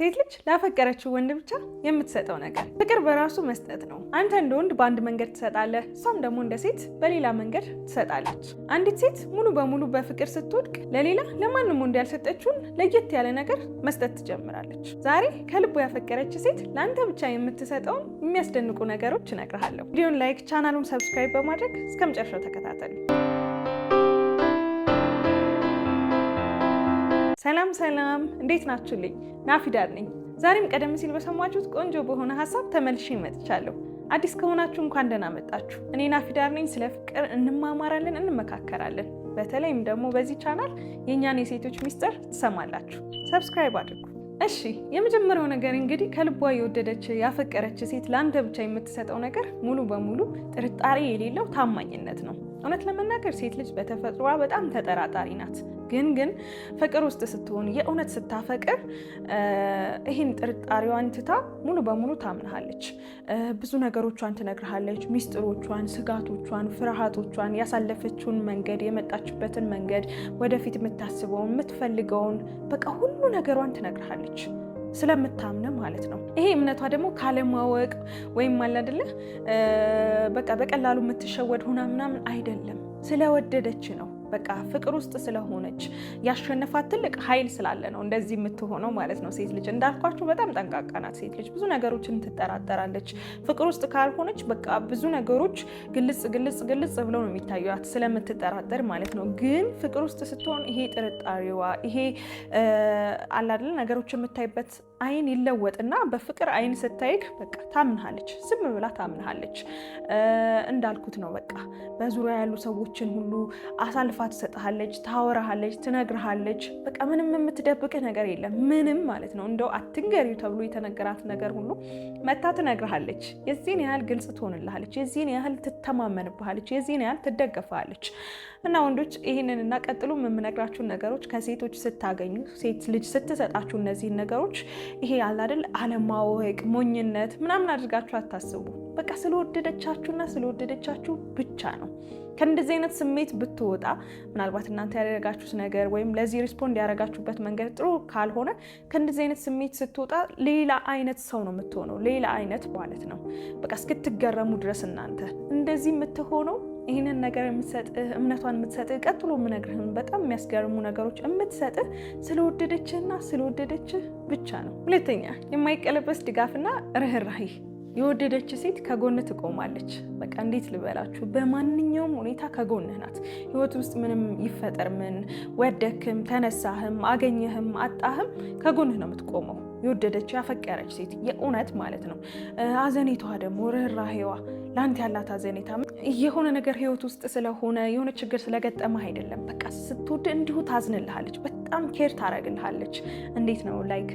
ሴት ልጅ ላፈቀረችው ወንድ ብቻ የምትሰጠው ነገር ፍቅር በራሱ መስጠት ነው። አንተ እንደ ወንድ በአንድ መንገድ ትሰጣለህ፣ እሷም ደግሞ እንደ ሴት በሌላ መንገድ ትሰጣለች። አንዲት ሴት ሙሉ በሙሉ በፍቅር ስትወድቅ ለሌላ ለማንም ወንድ ያልሰጠችውን ለየት ያለ ነገር መስጠት ትጀምራለች። ዛሬ ከልቡ ያፈቀረች ሴት ለአንተ ብቻ የምትሰጠውን የሚያስደንቁ ነገሮች እነግርሃለሁ። ቪዲዮን ላይክ፣ ቻናሉን ሰብስክራይብ በማድረግ እስከ መጨረሻው ተከታተሉ። ሰላም ሰላም፣ እንዴት ናችሁልኝ? ናፊዳር ነኝ። ዛሬም ቀደም ሲል በሰማችሁት ቆንጆ በሆነ ሀሳብ ተመልሼ መጥቻለሁ። አዲስ ከሆናችሁ እንኳን ደህና መጣችሁ። እኔ ናፊዳር ነኝ። ስለ ፍቅር እንማማራለን፣ እንመካከራለን። በተለይም ደግሞ በዚህ ቻናል የእኛን የሴቶች ሚስጥር ትሰማላችሁ። ሰብስክራይብ አድርጉ። እሺ፣ የመጀመሪያው ነገር እንግዲህ ከልቧ የወደደች ያፈቀረች ሴት ለአንተ ብቻ የምትሰጠው ነገር ሙሉ በሙሉ ጥርጣሬ የሌለው ታማኝነት ነው። እውነት ለመናገር ሴት ልጅ በተፈጥሯ በጣም ተጠራጣሪ ናት። ግን ግን ፍቅር ውስጥ ስትሆን የእውነት ስታፈቅር ይህን ጥርጣሬዋን ትታ ሙሉ በሙሉ ታምናሃለች። ብዙ ነገሮቿን ትነግርሃለች። ሚስጥሮቿን፣ ስጋቶቿን፣ ፍርሃቶቿን፣ ያሳለፈችውን መንገድ፣ የመጣችበትን መንገድ፣ ወደፊት የምታስበውን የምትፈልገውን፣ በቃ ሁሉ ነገሯን ትነግርሃለች ስለምታምነ ማለት ነው። ይሄ እምነቷ ደግሞ ካለማወቅ ወይም አለ አይደለ በቃ በቀላሉ የምትሸወድ ሆና ምናምን አይደለም፣ ስለወደደች ነው። በቃ ፍቅር ውስጥ ስለሆነች ያሸነፋት ትልቅ ኃይል ስላለ ነው እንደዚህ የምትሆነው ማለት ነው። ሴት ልጅ እንዳልኳቸው በጣም ጠንቃቃ ናት። ሴት ልጅ ብዙ ነገሮችን ትጠራጠራለች። ፍቅር ውስጥ ካልሆነች በቃ ብዙ ነገሮች ግልጽ ግልጽ ግልጽ ብለው ነው የሚታዩት ስለምትጠራጠር ማለት ነው። ግን ፍቅር ውስጥ ስትሆን ይሄ ጥርጣሬዋ ይሄ አላደለ ነገሮች የምታይበት አይን ይለወጥና በፍቅር አይን ስታይክ በቃ ታምንሃለች፣ ዝም ብላ ታምንሃለች። እንዳልኩት ነው በቃ በዙሪያ ያሉ ሰዎችን ሁሉ አሳልፋ ትሰጥሃለች፣ ታወራሃለች፣ ትነግርሃለች። በቃ ምንም የምትደብቅህ ነገር የለም ምንም ማለት ነው። እንደው አትንገሪው ተብሎ የተነገራት ነገር ሁሉ መታ ትነግርሃለች። የዚህን ያህል ግልጽ ትሆንልሃለች፣ የዚህን ያህል ትተማመንብሃለች፣ የዚህን ያህል ትደገፋለች። እና ወንዶች ይህንን እና ቀጥሎ የምነግራችሁን ነገሮች ከሴቶች ስታገኙ ሴት ልጅ ስትሰጣችሁ እነዚህን ነገሮች ይሄ አለ አለማወቅ፣ ሞኝነት ምናምን አድርጋችሁ አታስቡ። በቃ ስለወደደቻችሁና ስለወደደቻችሁ ብቻ ነው። ከእንደዚህ አይነት ስሜት ብትወጣ ምናልባት እናንተ ያደረጋችሁት ነገር ወይም ለዚህ ሪስፖንድ ያደረጋችሁበት መንገድ ጥሩ ካልሆነ ከእንደዚህ አይነት ስሜት ስትወጣ ሌላ አይነት ሰው ነው የምትሆነው። ሌላ አይነት ማለት ነው። በቃ እስክትገረሙ ድረስ እናንተ እንደዚህ የምትሆነው ይህንን ነገር የምትሰጥህ እምነቷን የምትሰጥህ ቀጥሎ የምነግርህም በጣም የሚያስገርሙ ነገሮች የምትሰጥህ ስለወደደችህና ስለወደደችህ ብቻ ነው። ሁለተኛ የማይቀለበስ ድጋፍና ርህራሄ የወደደች ሴት ከጎን ትቆማለች። በቃ እንዴት ልበላችሁ፣ በማንኛውም ሁኔታ ከጎንህ ናት። ህይወት ውስጥ ምንም ይፈጠር ምን፣ ወደክም፣ ተነሳህም፣ አገኘህም፣ አጣህም ከጎንህ ነው የምትቆመው። የወደደች ያፈቀረች ሴት የእውነት ማለት ነው። አዘኔቷ ደግሞ ርኅራሄዋ ለአንተ ያላት አዘኔታ የሆነ ነገር ህይወት ውስጥ ስለሆነ የሆነ ችግር ስለገጠመህ አይደለም። በቃ ስትወድ እንዲሁ ታዝንልሃለች። በጣም ኬር ታደርግልሃለች። እንዴት ነው ላይክ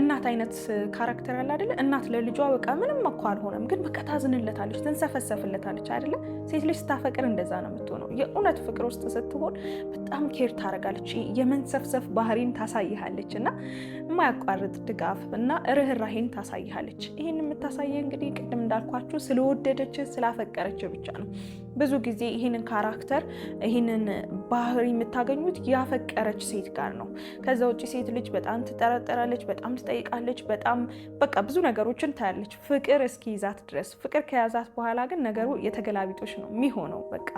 እናት አይነት ካራክተር ያለ አይደለ? እናት ለልጇ በቃ ምንም እኮ አልሆነም፣ ግን በቃ ታዝንለታለች፣ ትንሰፈሰፍለታለች አይደለ? ሴት ልጅ ስታፈቅር እንደዛ ነው የምትሆነው። የእውነት ፍቅር ውስጥ ስትሆን በጣም ኬር ታደርጋለች፣ የመንሰፍሰፍ ባህሪን ታሳይሃለች እና የማያቋርጥ ድጋፍ እና ርኅራሄን ታሳይሃለች። ይህን የምታሳየ እንግዲህ ቅድም እንዳልኳችሁ ስለወደደች ስላፈቀረች ብቻ ነው። ብዙ ጊዜ ይህንን ካራክተር ይህንን ባህሪ የምታገኙት ያፈቀረች ሴት ጋር ነው። ከዛ ውጭ ሴት ልጅ በጣም ትጠረጠራለች፣ በጣም ትጠይቃለች፣ በጣም በቃ ብዙ ነገሮችን ታያለች ፍቅር እስኪ ይዛት ድረስ። ፍቅር ከያዛት በኋላ ግን ነገሩ የተገላቢጦች ነው የሚሆነው። በቃ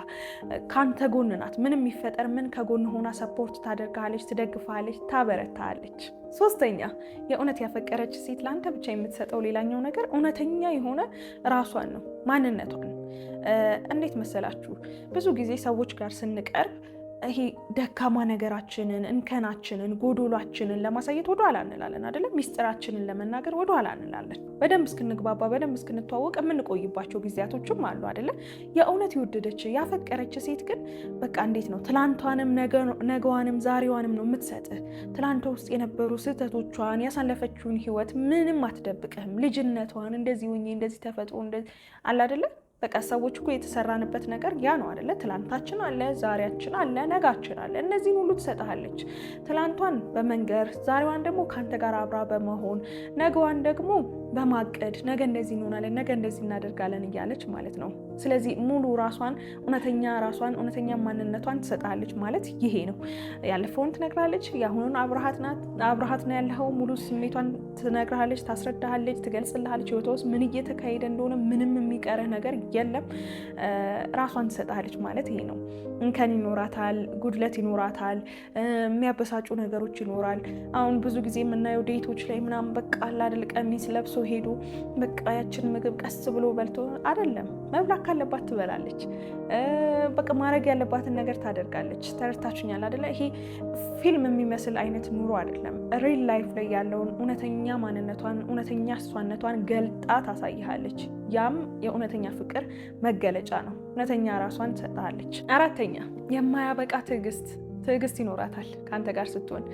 ካንተ ጎን ናት። ምንም የሚፈጠር ምን ከጎን ሆና ሰፖርት ታደርግሃለች፣ ትደግፋለች፣ ታበረታለች። ሶስተኛ የእውነት ያፈቀረች ሴት ለአንተ ብቻ የምትሰጠው ሌላኛው ነገር እውነተኛ የሆነ ራሷን ነው ማንነቷን እንዴት መሰላችሁ? ብዙ ጊዜ ሰዎች ጋር ስንቀርብ ይሄ ደካማ ነገራችንን፣ እንከናችንን፣ ጎዶሏችንን ለማሳየት ወደኋላ እንላለን አይደለም? ሚስጥራችንን ለመናገር ወደኋላ እንላለን። በደንብ እስክንግባባ፣ በደንብ እስክንተዋወቅ የምንቆይባቸው ጊዜያቶችም አሉ አይደለም? የእውነት የወደደች ያፈቀረች ሴት ግን በቃ እንዴት ነው ትላንቷንም፣ ነገዋንም፣ ዛሬዋንም ነው የምትሰጥህ። ትላንቷ ውስጥ የነበሩ ስህተቶቿን፣ ያሳለፈችውን ህይወት ምንም አትደብቅህም። ልጅነቷን እንደዚህ ሆኜ እንደዚህ ተፈጥሮ አለ አይደለም በቃ ሰዎች እኮ የተሰራንበት ነገር ያ ነው አደለ? ትላንታችን አለ፣ ዛሬያችን አለ፣ ነጋችን አለ። እነዚህን ሁሉ ትሰጥሃለች። ትላንቷን በመንገር ዛሬዋን ደግሞ ከአንተ ጋር አብራ በመሆን ነገዋን ደግሞ በማቀድ ነገ እንደዚህ እንሆናለን፣ ነገ እንደዚህ እናደርጋለን እያለች ማለት ነው። ስለዚህ ሙሉ ራሷን እውነተኛ ራሷን እውነተኛ ማንነቷን ትሰጣለች ማለት ይሄ ነው። ያለፈውን ትነግራለች፣ የአሁኑን አብርሃት ነው ያለኸው ሙሉ ስሜቷን ትነግርሃለች፣ ታስረዳሃለች፣ ትገልጽልሃለች። ህይወቷ ውስጥ ምን እየተካሄደ እንደሆነ ምንም የሚቀረ ነገር የለም። ራሷን ትሰጣለች ማለት ይሄ ነው። እንከን ይኖራታል፣ ጉድለት ይኖራታል፣ የሚያበሳጩ ነገሮች ይኖራል። አሁን ብዙ ጊዜ የምናየው ዴቶች ላይ ምናምን በቃ አላደል ቀሚስ ለብሶ ሄዱ በቃ ያችን ምግብ ቀስ ብሎ በልቶ አይደለም መብላት ካለባት ትበላለች። በቃ ማድረግ ያለባትን ነገር ታደርጋለች። ተረድታችኛል አደለ? ይሄ ፊልም የሚመስል አይነት ኑሮ አይደለም። ሪል ላይፍ ላይ ያለውን እውነተኛ ማንነቷን እውነተኛ እሷነቷን ገልጣ ታሳይሃለች። ያም የእውነተኛ ፍቅር መገለጫ ነው። እውነተኛ ራሷን ትሰጥሃለች። አራተኛ የማያበቃ ትዕግስት ትዕግስት ይኖራታል ከአንተ ጋር ስትሆን።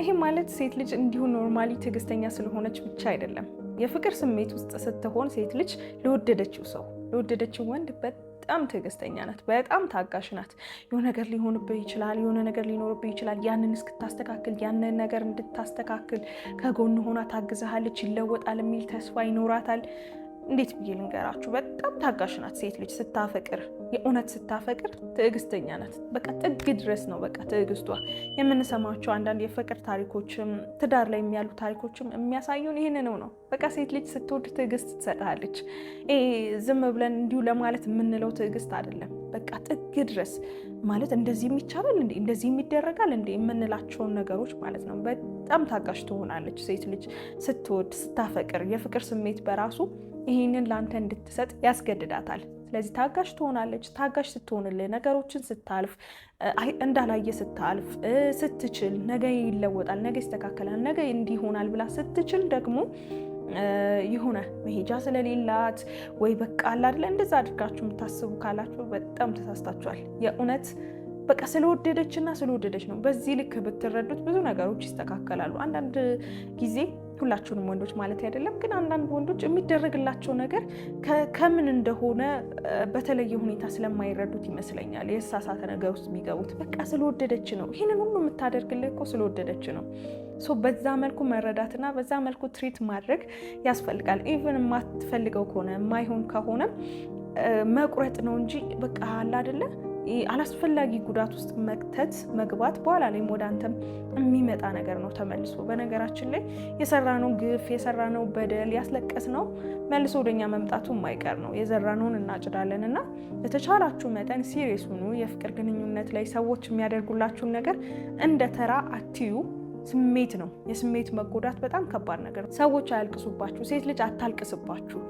ይሄ ማለት ሴት ልጅ እንዲሁ ኖርማሊ ትዕግስተኛ ስለሆነች ብቻ አይደለም። የፍቅር ስሜት ውስጥ ስትሆን ሴት ልጅ ለወደደችው ሰው ለወደደችው ወንድ በጣም ትዕግስተኛ ናት። በጣም ታጋሽ ናት። የሆነ ነገር ሊሆንብህ ይችላል፣ የሆነ ነገር ሊኖርብህ ይችላል። ያንን እስክታስተካክል፣ ያንን ነገር እንድታስተካክል ከጎን ሆና ታግዝሃለች። ይለወጣል የሚል ተስፋ ይኖራታል። እንዴት ብዬ ልንገራችሁ፣ በጣም ታጋሽ ናት ሴት ልጅ ስታፈቅር፣ የእውነት ስታፈቅር ትዕግስተኛ ናት። በቃ ጥግ ድረስ ነው በቃ ትዕግስቷ። የምንሰማቸው አንዳንድ የፍቅር ታሪኮችም ትዳር ላይ ያሉ ታሪኮችም የሚያሳዩን ይህንን ነው። በቃ ሴት ልጅ ስትወድ ትዕግስት ትሰጥሃለች። ዝም ብለን እንዲሁ ለማለት የምንለው ትዕግስት አይደለም። በቃ ጥግ ድረስ ማለት እንደዚህም ይቻላል እንዴ እንደዚህም ይደረጋል እንዴ የምንላቸውን ነገሮች ማለት ነው። በጣም ታጋሽ ትሆናለች ሴት ልጅ ስትወድ ስታፈቅር። የፍቅር ስሜት በራሱ ይህንን ለአንተ እንድትሰጥ ያስገድዳታል። ስለዚህ ታጋሽ ትሆናለች። ታጋሽ ስትሆንልህ ነገሮችን ስታልፍ እንዳላየ ስታልፍ ስትችል ነገ ይለወጣል፣ ነገ ይስተካከላል፣ ነገ እንዲሆናል ብላ ስትችል ደግሞ የሆነ መሄጃ ስለሌላት ወይ በቃ አላደለ እንደዛ አድርጋችሁ የምታስቡ ካላችሁ በጣም ተሳስታችኋል። የእውነት በቃ ስለወደደች እና ስለወደደች ነው። በዚህ ልክ ብትረዱት ብዙ ነገሮች ይስተካከላሉ። አንዳንድ ጊዜ ሁላችሁንም ወንዶች ማለት አይደለም፣ ግን አንዳንድ ወንዶች የሚደረግላቸው ነገር ከምን እንደሆነ በተለየ ሁኔታ ስለማይረዱት ይመስለኛል የተሳሳተ ነገር ውስጥ የሚገቡት። በቃ ስለወደደች ነው፣ ይህንን ሁሉ የምታደርግልህ እኮ ስለወደደች ነው። በዛ መልኩ መረዳትና በዛ መልኩ ትሪት ማድረግ ያስፈልጋል። ኢቨን የማትፈልገው ከሆነ የማይሆን ከሆነም መቁረጥ ነው እንጂ በቃ አለ አይደለ አላስፈላጊ ጉዳት ውስጥ መክተት መግባት በኋላ ላይም ወደ አንተም የሚመጣ ነገር ነው ተመልሶ። በነገራችን ላይ የሰራነው ግፍ፣ የሰራነው በደል፣ ያስለቀስ ነው መልሶ ወደኛ መምጣቱ የማይቀር ነው። የዘራነውን እናጭዳለን እና በተቻላችሁ መጠን ሲሪየስ ሁኑ። የፍቅር ግንኙነት ላይ ሰዎች የሚያደርጉላችሁን ነገር እንደ ተራ አትዩ። ስሜት ነው። የስሜት መጎዳት በጣም ከባድ ነገር ነው። ሰዎች አያልቅሱባችሁ፣ ሴት ልጅ አታልቅስባችሁ።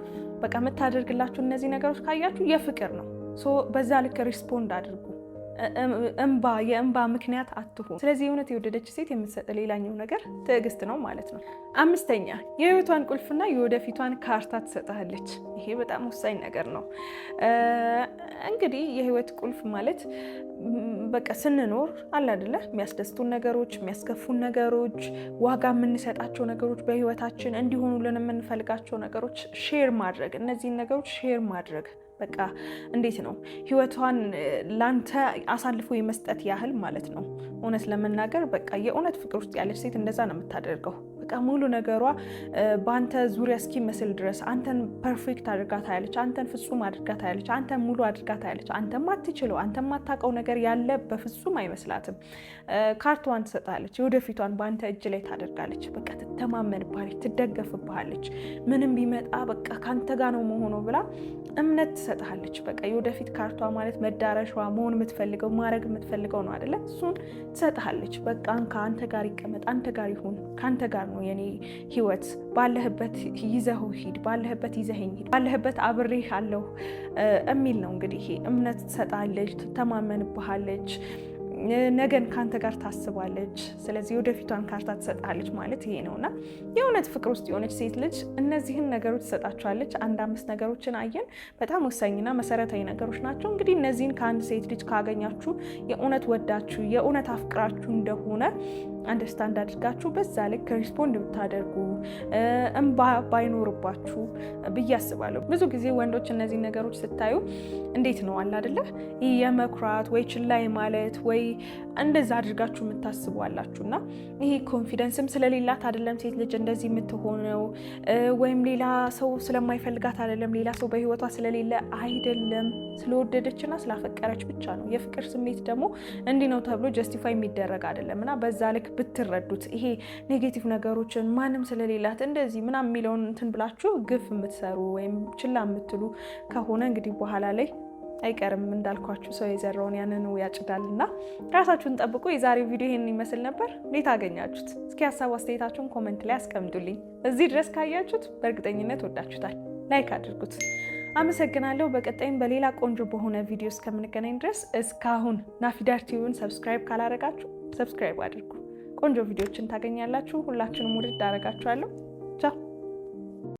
በቃ የምታደርግላችሁ እነዚህ ነገሮች ካያችሁ የፍቅር ነው በዛ ልክ ሪስፖንድ አድርጉ። እንባ የእንባ ምክንያት አትሁን። ስለዚህ እውነት የወደደች ሴት የምትሰጥ ሌላኛው ነገር ትዕግስት ነው ማለት ነው። አምስተኛ የህይወቷን ቁልፍና የወደፊቷን ካርታ ትሰጥሃለች። ይሄ በጣም ወሳኝ ነገር ነው። እንግዲህ የህይወት ቁልፍ ማለት በቃ ስንኖር አለ አይደለ የሚያስደስቱን ነገሮች፣ የሚያስከፉን ነገሮች፣ ዋጋ የምንሰጣቸው ነገሮች በህይወታችን እንዲሆኑልን የምንፈልጋቸው ነገሮች ሼር ማድረግ እነዚህን ነገሮች ሼር ማድረግ በቃ እንዴት ነው ህይወቷን ላንተ አሳልፎ የመስጠት ያህል ማለት ነው። እውነት ለመናገር በቃ የእውነት ፍቅር ውስጥ ያለች ሴት እንደዛ ነው የምታደርገው። በቃ ሙሉ ነገሯ በአንተ ዙሪያ እስኪመስል ድረስ አንተን ፐርፌክት አድርጋ ታያለች፣ አንተን ፍጹም አድርጋ ታያለች፣ አንተን ሙሉ አድርጋ ታያለች። አንተ ማትችለው አንተ ማታውቀው ነገር ያለ በፍጹም አይመስላትም። ካርቷን ትሰጣለች፣ የወደፊቷን በአንተ እጅ ላይ ታደርጋለች። በቃ ትተማመንባለች፣ ትደገፍብሃለች። ምንም ቢመጣ በቃ ከአንተ ጋር ነው መሆኑ ብላ እምነት ትሰጥሃለች። በቃ የወደፊት ካርቷ ማለት መዳረሻዋ መሆን የምትፈልገው ማድረግ የምትፈልገው ነው አይደለ? እሱን ትሰጥሃለች። በቃ አንተ ጋር ይቀመጥ፣ አንተ ጋር ይሁን፣ ከአንተ ጋር ነው ነው የኔ ህይወት። ባለህበት ይዘው ሂድ፣ ባለህበት ይዘኝ ሂድ፣ ባለህበት አብሬህ አለሁ የሚል ነው። እንግዲህ እምነት ትሰጣለች፣ ትተማመንብሃለች ነገን ከአንተ ጋር ታስባለች። ስለዚህ ወደፊቷን ካርታ ትሰጣለች ማለት ይሄ ነውና የእውነት ፍቅር ውስጥ የሆነች ሴት ልጅ እነዚህን ነገሮች ትሰጣቸዋለች። አንድ አምስት ነገሮችን አየን። በጣም ወሳኝና መሰረታዊ ነገሮች ናቸው። እንግዲህ እነዚህን ከአንድ ሴት ልጅ ካገኛችሁ የእውነት ወዳችሁ የእውነት አፍቅራችሁ እንደሆነ አንደርስታንድ አድርጋችሁ በዛ ልክ ሪስፖንድ ብታደርጉ እንባ ባይኖርባችሁ ብዬ አስባለሁ። ብዙ ጊዜ ወንዶች እነዚህ ነገሮች ስታዩ እንዴት ነው አለ አይደለ ይህ የመኩራት ወይ ችላይ ማለት ወይ እንደዛ አድርጋችሁ የምታስቡ አላችሁ እና ይሄ ኮንፊደንስም ስለሌላት አይደለም ሴት ልጅ እንደዚህ የምትሆነው ወይም ሌላ ሰው ስለማይፈልጋት አይደለም ሌላ ሰው በህይወቷ ስለሌለ አይደለም ስለወደደችና ስላፈቀረች ብቻ ነው። የፍቅር ስሜት ደግሞ እንዲህ ነው ተብሎ ጀስቲፋይ የሚደረግ አይደለም እና በዛ ልክ ብትረዱት ይሄ ኔጌቲቭ ነገሮችን ማንም ስለሌላት እንደዚህ ምናምን የሚለውን እንትን ብላችሁ ግፍ የምትሰሩ ወይም ችላ የምትሉ ከሆነ እንግዲህ በኋላ ላይ አይቀርም እንዳልኳችሁ ሰው የዘራውን ያንኑ ያጭዳል እና ራሳችሁን ጠብቁ። የዛሬው ቪዲዮ ይህን ይመስል ነበር። እንዴት አገኛችሁት? እስኪ ሀሳብ አስተያየታችሁን ኮመንት ላይ አስቀምጡልኝ። እዚህ ድረስ ካያችሁት በእርግጠኝነት ወዳችሁታል። ላይክ አድርጉት። አመሰግናለሁ። በቀጣይም በሌላ ቆንጆ በሆነ ቪዲዮ እስከምንገናኝ ድረስ እስካሁን ናፊዳር ቲዩን ሰብስክራይብ ካላረጋችሁ ሰብስክራይብ አድርጉ። ቆንጆ ቪዲዮችን ታገኛላችሁ። ሁላችሁንም ውድድ አደርጋችኋለሁ።